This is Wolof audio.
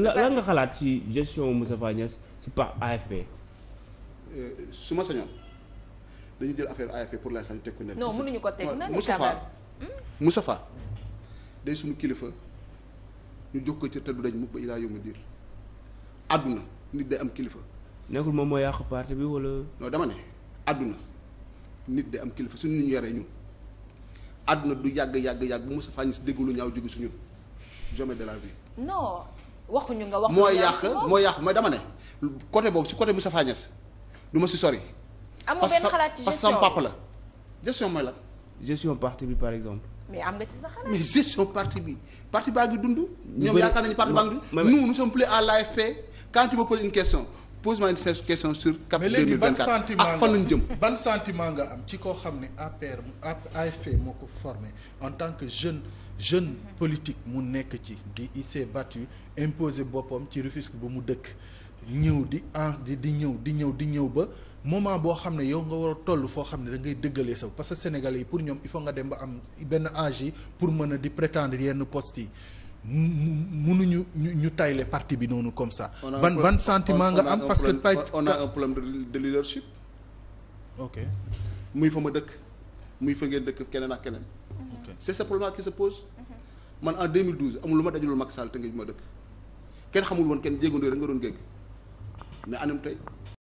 lan nga xalaat ci gestion Moustapha Niasse ci par AFP. Euh, su ma sañoon dañu jël affaire AFP pour l'instant teg ko ne. non mënuñu ko teg na hmm? suñu kilifa ñu jox ko ci te dañ mukk mu diir àdduna nit day am kilifa. nekkul moom moo yàq parti bi wala. non dama ne àdduna nit day am kilifa suñu ñu yoree ñun àdduna du yàgg yàgg yàgg bu Moustapha Niasse déggu lu ñaaw jóge suñu jamais de la vie. waxuñu nga wax mooy yàq moo yàq mooy dama ne côté boobu si côté sa Niasse du ma si sori. amul benn xalaat ci gestion parce que sama papa la gestion mooy lan. gestion parti bi par exemple. mais am nga ci sa xalaat parti bi parti baa ngi dund. ñoom yaakaar nañu parti baa ngi dund. nous nous sommes plus à la quand tu me poses une question. pose-moi une question sur cap 2024 ak fan lañu sentiment nga am ci koo xam ne APR AFP moo ko formé en tant que jeune jeune politique mu nekk ci di il s'est battu imposer boppam ci Rufisque ba mu dëkk ñëw di en di ñëw di ñëw di ñëw ba moment boo xam ne yow nga war a toll foo xam ne da ngay dëggalee saw parce que sénégalais yi pour ñoom il faut nga dem ba am benn âge yi pour mën a di prétendre yenn poste yi taille les bi noonu comme ça. ban ban sentiment nga am parce que. a un problème de ok muy fa ma dëkk muy fa ngeen dëkk keneen ak keneen. c'est ce problème qui se pose. Mhm. man en 2012 amul lu ma dajalul Macky Sall te nga bi ma dëkk kenn xamul woon kenn jéegandoo rek nga doon géeg mais anam tey.